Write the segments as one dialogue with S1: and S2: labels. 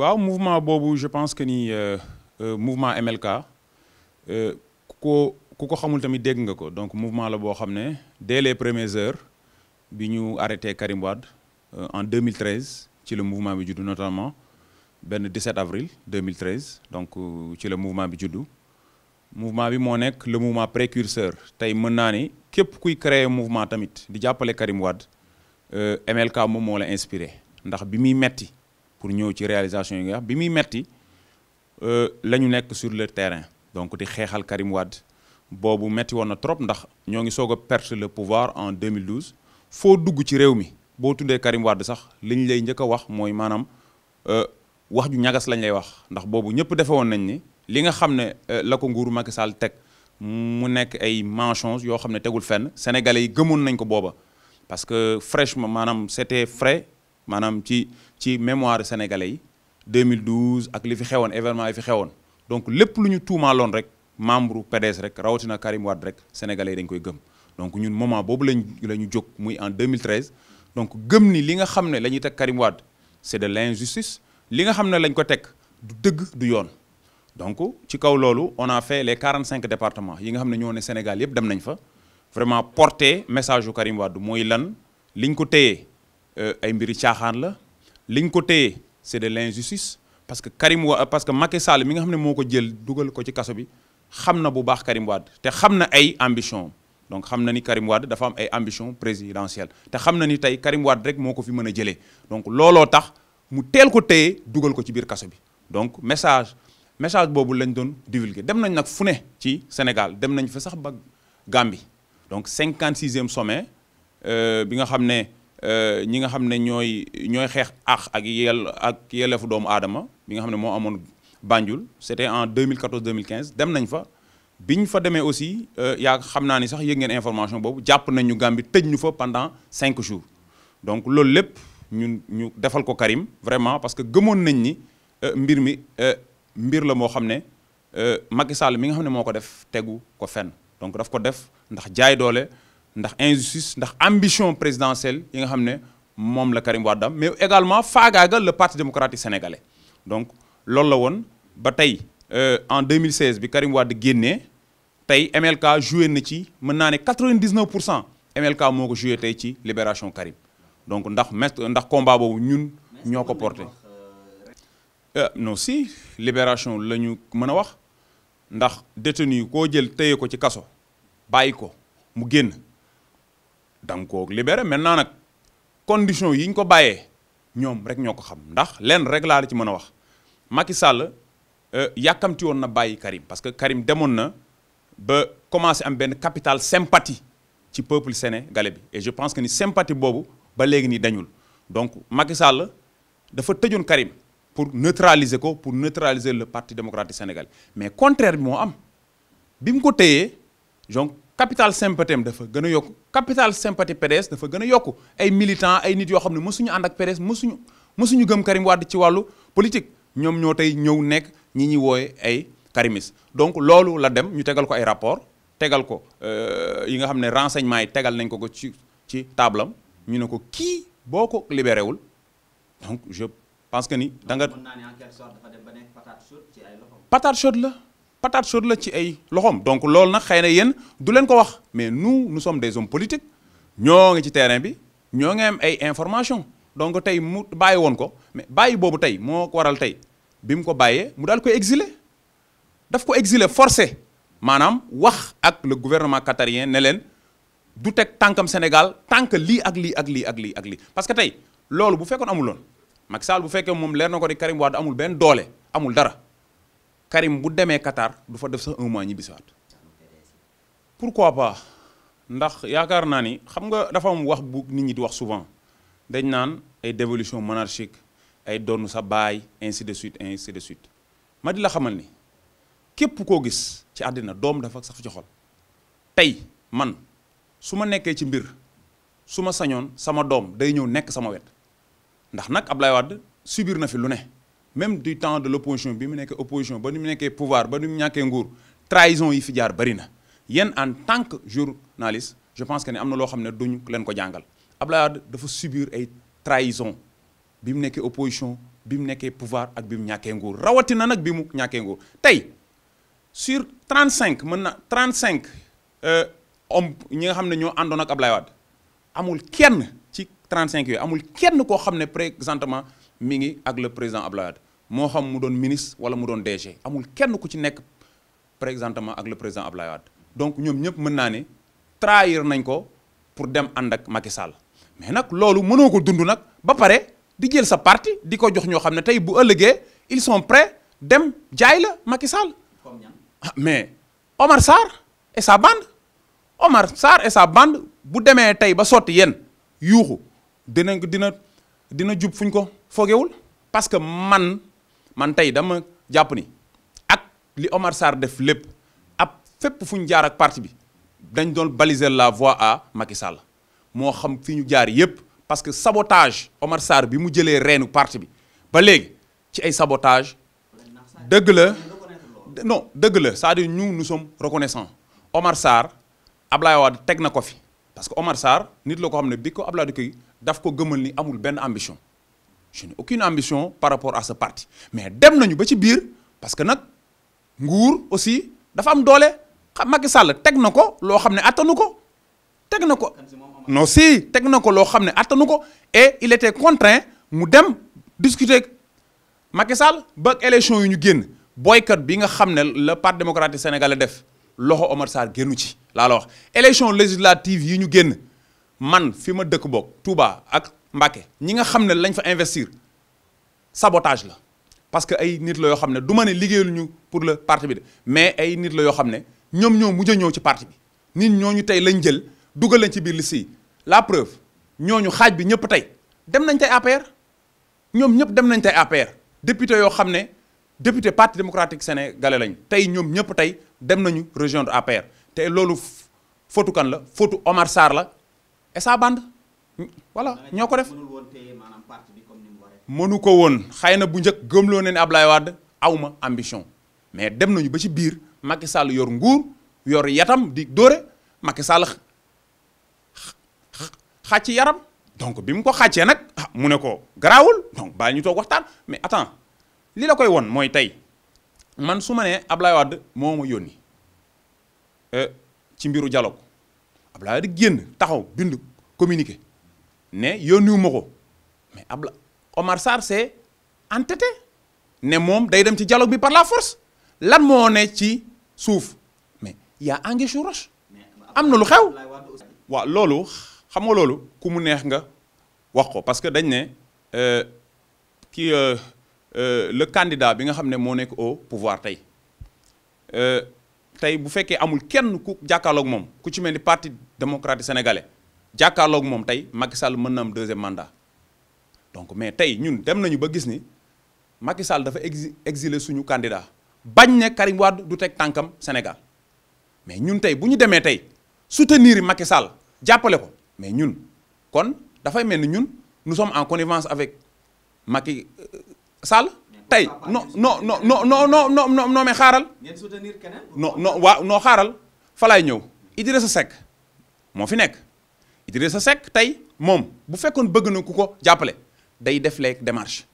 S1: waaw mouvement boobu je pense que ni euh, euh, mouvement MLK euh, ku ko ku ko xamul tamit dégg nga ko donc mouvement la boo xam ne dès les premières heures bi ñu arrêté Karim Wade en 2013 ci le mouvement bi juddu notamment benn 17 avril 2013 donc ci le mouvement bi juddu mouvement bi moo nekk le mouvement précurseur tey mën naa ni képp kuy créer mouvement tamit di jàppale Karim Wade MLK moom moo la inspiré ndax bi muy metti pour ñëw ci réalisation yi nga xam bi muy metti euh, la ñu nekk sur le terrain donc di xeexal Karim boobu metti woon trop ndax ñoo ngi soog a perdre le pouvoir en 2012 foo dugg ci réew mi boo tuddee Karim Wade sax li lay njëkk a wax mooy maanaam euh, wax ju ñagas lañ lay wax ndax boobu ñëpp defe woon nañ ni li nga xam ne euh, la ko nguuru Macky Sall teg mu nekk ay mensonges yoo xam ne tegul fenn sénégalais yi gëmoon nañ ko booba parce que fraîchement maanaam c'était frais maanaam ci ci mémoire sénégalais yi 2012 ak li fi xewoon événement yi fi xewoon donc lépp lu ñu tuumaaloon rek membre PDS rek rawatina Karim Wade rek sénégalais yi dañ koy gëm donc ñun moment boobu lañ la ñu jóg muy en 2013 donc gëm ni li nga xam ne la ñuy teg Karim Wade c'est de l'injustice li nga xam ne lañ ko teg du dëgg du yoon donc ci kaw loolu on a fait les 45 départements yi nga xam ne ñoo ne Sénégal yëpp dem nañ fa vraiment porter message yu Karim mooy lan liñ ko téye Euh, ay mbiri caaxaan la liñ ko téye c'est de l'injustice parce que Karim Wade parce que Macky Sall mi nga xam ne moo ko jël dugal ko ci kaso bi xam na bu baax Karim Wade te xam na ay ambition donc xam na ni Karim Wade dafa am ay ambition présidentielle te xam na ni tey Karim Wade rek moo ko fi mën a jëlee donc looloo tax mu teel ko téye dugal ko ci biir kaso bi donc message message boobu lañ doon divulguer dem nañ nag fu ne ci Sénégal dem nañ fa sax ba Gambie donc 56e sommet euh, bi nga xam ne. Euh, ñi nga xam ne ñooy ñooy xeex aax ak yel ak yelleefu doomu aadama bi nga xam ne moo amoon Banjul c'était en 2014 2015 dem nañ fa biñ fa demee aussi euh, yaa xam naa ni sax yëg ngeen information boobu jàpp nañ ñu Gambie tëj ñu fa pendant cinq jours donc loolu lépp ñun ñu defal ko Karim vraiment parce que gëmoon nañ ni euh, mbir mi mbir la moo xam ne Macky Sall mi nga xam ne moo ko def tegu ko fenn donc daf ko def ndax jaay doole ndax injustice ndax ambition présidentielle yi nga xam ne moom la Karim Wade am mais également faagaagal le parti démocratique sénégalais donc loolu la woon ba tey euh, en 2016 bi Karim Wade génnee tey MLK joué na ci mën naa ne 99 pour cent MLK moo ko joué tey ci libération Karim donc ndax maître ndax combat boobu ñun ñoo ko porter euh, non si libération la ñu mën a wax ndax détenu koo jël téye ko ci kaso bàyyi ko mu génn. da nga koo libéré maintenant nag condition yi ñu ko bàyyee ñoom rek ñoo ko xam ndax leen rek laa la ci mën a wax Macky Sall euh, yàkkamti woon na bàyyi Karim parce que Karim demoon na ba commencé am benn capital sympathie ci peuple sénégalais bi et je pense que ni sympathie boobu ba léegi nii dañul donc Macky Sall dafa tëjoon Karim pour neutraliser ko pour neutraliser le parti démocratique sénégal mais contraire bi moo am bi ko téyee donc capital sympathème dafa gën a yokku capital sympathie PDS dafa gën a yokku ay militants ay nit yoo xam ne mosuñu ànd ak PDS mosuñu mosuñu gëm Karim Wade ci wàllu politique ñoom ñoo tey ñëw nekk ñi ñuy wooye ay karimis donc loolu la dem ñu tegal ko ay rapport tegal ko euh, yi nga xam ne renseignement yi tegal nañ ko ko ci ci table am ñu ne ko kii boo ko libéré wul donc je pense que ni da nga patate la patate chaude la ci ay loxoom donc loolu na xëy na yéen du leen ko wax mais nu nous some des hommes politiques ñoo ngi ci terrain bi ñoo ngi am ay information donc tey mu bàyyi woon ko mais bàyyi boobu tey moo waral tey bi mu ko bàyyee mu daal koy exile daf ko exiler forcé maanaam wax ak le gouvernement qatarien ne leen du teg tànkam Sénégal tànk lii ak lii ak lii ak lii ak lii parce que tey loolu bu fekkoon amuloon Macky Sall bu fekkee moom leer na ko ni Karim Wade amul benn doole amul dara Karim bu demee Qatar du fa def sax un mois ñibbisiwaat pourquoi pas ndax yaakaar naa ni xam nga dafa am wax bu nit ñi di wax souvent dañ naan ay dévolution monarchique ay donn sa baay ainsi de suite ainsi de suite ma di la xamal ni képp koo gis ci àddina doom dafa sax ci xol tey man su ma nekkee ci mbir su ma sañoon sama doom day ñëw nekk sama wet ndax nag Ablaye Wade biir na fi lu ne même du temps de l' opposition bi mu nekkee opposition ba nu mu nekkee pouvoir ba nu mu ñàkkee nguur trahison yi fi jaar bëri na yéen en tant que journaliste je pense que ne am na loo xam ne duñu leen ko jàngal Abdoulaye Wade dafa subir ay trahison bi mu nekkee opposition bi mu nekkee pouvoir ak bi mu ñàkkee nguur rawatina nag bi mu ñàkkee nguur tey sur 35 mën na 35 euh, hommes ñi nga xam ne ñoo àndoon ak Abdoulaye Wade amul kenn ci 35 yooyu amul kenn koo xam ne présentement. mi ngi ak le président Abdoulaye moo xam mu doon ministre wala mu doon DG amul kenn ku ci nekk par présentement ak le président Abdoulaye Wade donc ñoom ñëpp mën naa ne trahir nañ ko pour dem ànd ak Macky mais nag loolu mënoo ko dund nag ba pare di jël sa parti di ko jox ñoo xam ne tey bu ëllëgee il son prêts dem jaay la Macky Sall ah, mais Omar Sarr et sa bande Omar Sarr et sa bande bu demee tey ba sotti yéen yuuxu dinañ dina dina jub fuñ ko foogewul parce que man man tey dama jàpp ni ak li Omar Sarr def lépp ab fépp fu ñu jaar ak parti bi dañ doon baliser la voie à Macky moo xam fi ñu jaar yépp parce que sabotage Omar Sarr bi mu jëlee reenu parti bi ba léegi ci ay sabotage dëgg la non dëgg la cest à ñu nous sommes reconnaissants Omar Sarr Ablaye Wade teg na ko fi parce que Omar Sarr nit la ko xam ne bi ko Ablaye di koy daf ko gëmal ni amul benn ambition je n'ai aucune ambition par rapport a ce parti mais dem nañu ba ci biir parce que nag nguur aussi dafa am doole xam Macky Sall teg na ko loo xam ne attanu ko teg na ko non si teg na ko loo xam ne attanu ko et il était mu dem discuter ak Sall ba élection yi ñu génn boycott bi nga xam ne le parti démocratique sénégalais def loxo Omar Sarr génnu ci laa la wax élection législative yi ñu génn man fi ma dëkk boog Touba Mbàkke ñi nga xam ne lañ fa investir sabotage la parce que ay nit la yoo xam ne du ma ne liggéeyaluñu pour le parti bi de mais ay nit la yoo xam ne ñoom ñoo mujj a ñëw ci parti bi nit ñooñu tey lañ jël dugal lañ ci biir liste yi la preuve ñooñu xaaj bi ñëpp tey dem nañ tey APR ñoom ñëpp dem nañ tey APR député yoo xam ne député parti démocratique sénégalais lañ tey ñoom ñëpp tey dem nañu rejoindre APR tey loolu fotu kan la fotu Omar Sarr la et sa bande voilà ñoo ko def mënu ko woon xëy na bu njëkk gëmloo ne ne Ablaye Wade awma ambition mais dem nañu ba ci biir Macky Sall yor nguur yor yatam di dóore Macky Sall xàcc yaram donc bi mu ko xàccee nag ah mu ne ko garaawul donc bàyyi ñu toog waxtaan mais attends li la koy won mooy tey man su ma nee Ablaye Wade moo ma yónni euh, ci mbiru dialogue Ablaye Wade génn taxaw bind communiqué ne yónniwuma ko mais Abla Omar Sarr s'est entêté ne moom day dem ci dialogue bi par la force lan moo ne ci suuf mais y a anguille roche am na lu xew. waaw loolu xam nga loolu ku mu neex nga wax ko parce que dañ ne euh, kii euh, euh, le candidat bi nga xam ne moo nekk au pouvoir tey tey bu fekkee amul kenn ku jàkkaarloog moom ku ci mel ni parti démocratique sénégalais. jàkkaarloog moom tey Macky Sall mën na am deuxième mandat donc mais tey ñun dem nañu ba gis ni Macky Sall dafa exi exiler suñu candidat bañ ne Karim Wade du teg tànkam Sénégal mais ñun tey bu ñu demee tey soutenir Macky Sall jàppale ko mais ñun kon dafay mel ni ñun nous sommes en connivence avec Macky Sall. tey no non no non no non non non non mais xaaral. ngeen soutenir keneen. non non waaw non xaaral fa ñëw ñëw sa Seck moo fi nekk. sa Seck tey moom bu fekkoon bëgg na ku ko jàppale day def les démarches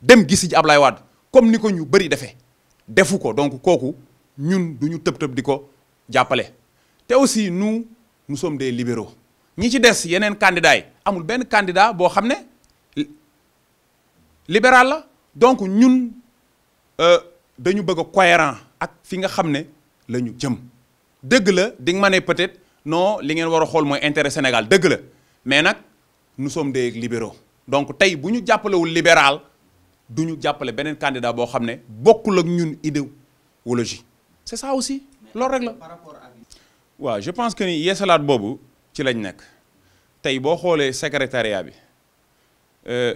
S1: dem gisi ji Ablaye Wade comme ni ko ñu bëri defee defu ko donc kooku ñun du ñu tëb tëb di ko jàppale. te aussi nu nous sommes des libéraux ci des yeneen candidats yi amul benn candidat boo xam ne libéral la donc ñun euh, dañu bëgg a ak fi nga xam ne la ñu jëm dëgg la di nga ma ne peut-être. non li ngeen war a xool mooy intérêt Sénégal dëgg la mais nag nous sommes des libéro donc tey bu ñu jàppalewul libéral du ñu jàppale beneen candidat boo xam ne bokkul ak ñun idéologie c'est ça aussi loolu rek la waa je pense que ni yeesalaat boobu ci lañ nekk tey boo xoolee secrétariat bi euh,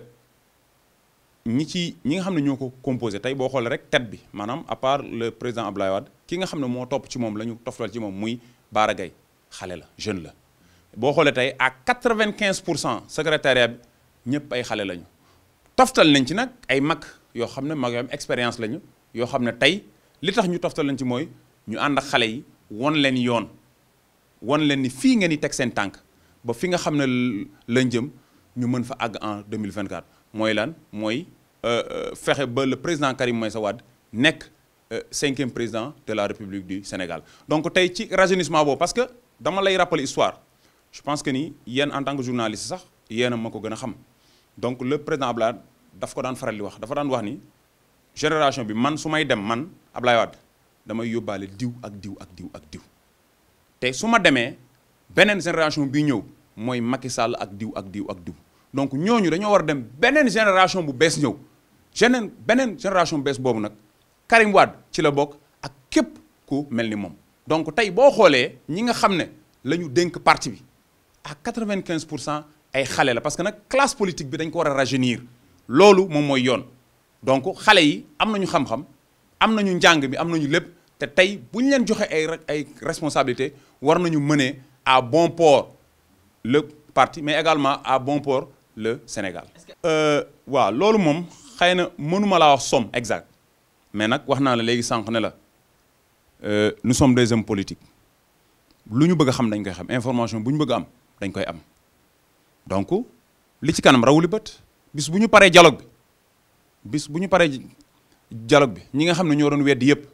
S1: ñi ci ñi nga xam ne ñoo ko composé tey boo xoolee rek tête bi maanaam à part le président Abdoulaye Wade ki nga xam ne moo topp ci moom la ñu toftal ci moom muy Bara Gaye xale la jeune la boo xoolee tey a quatre-vingt-quinze pour cent secrétariat bi ñëpp ay xale lañu toftal nañ ci nag ay mag yoo xam ne mag yoo expérience lañu yoo xam ne tey li tax ñu toftal nañ ci mooy ñu ànd ak xale yi won leen yoon won leen ni fii ngeen di teg seen tànk ba fi nga xam ne lañ jëm ñu mën fa àgg en 2024 mooy lan mooy euh, euh, fexe ba la président Karim Meïssa Wade nekk euh, cinquième président de la République du Sénégal donc tey ci rajeunissement boobu parce que dama lay rappeler histoire je pense que ni yéen en tant que journaliste sax yéen a ma ko gën a xam donc le président Abdoulaye daf ko daan faral di wax dafa daan wax ni génération bi man su may dem man Abdoulaye Wade damay yóbbaale diw ak diw ak diw ak diw te su ma demee beneen génération bi ñëw mooy Macky Sall ak diw ak diw ak diw donc ñooñu dañoo war a dem beneen génération bu bees ñëw geneen beneen génération bu bees boobu nag Karim ci la bokk ak képp ku mel ni moom donc tey boo xoolee ñi nga xam ne la ñu dénk parti bi à 95 pour cent ay xale la parce que nag classe politique bi dañ ko war a rajeunir loolu moom mooy yoon donc xale yi am nañu xam-xam am nañu njàng bi am nañu lépp te tey bu ñu leen joxe ay ay responsabilité war nañu mener à bon port le parti mais également à bon port le Sénégal. Euh, waaw loolu moom xëy na mënuma laa wax somme exact mais nag wax naa la léegi sànq ne la. Euh, nous sommes des hommes politique lu ñu bëgg xam dañ koy xam information bu ñu bëgg am dañ koy am donc li ci kanam rawuli bët bis bu ñu paree dialogue bi bu ñu paree dialogue bi ñi nga xam ne ñoo doon weddi yëpp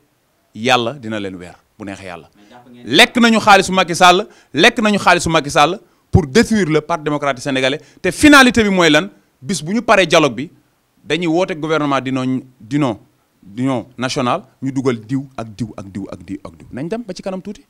S1: yàlla dina leen weer bu neex yàlla. lekk nañu xaalisu Macky Sall lekk nañu xaalisu Macky Sall pour détruire le parti démocratique sénégalais te finalité bi mooy lan bis bu ñu paree dialogue bi dañuy woote gouvernement dino dino. union nationale ñu dugal diw ak diw ak diw ak diw ak diw nañ dem ba ci kanam tuuti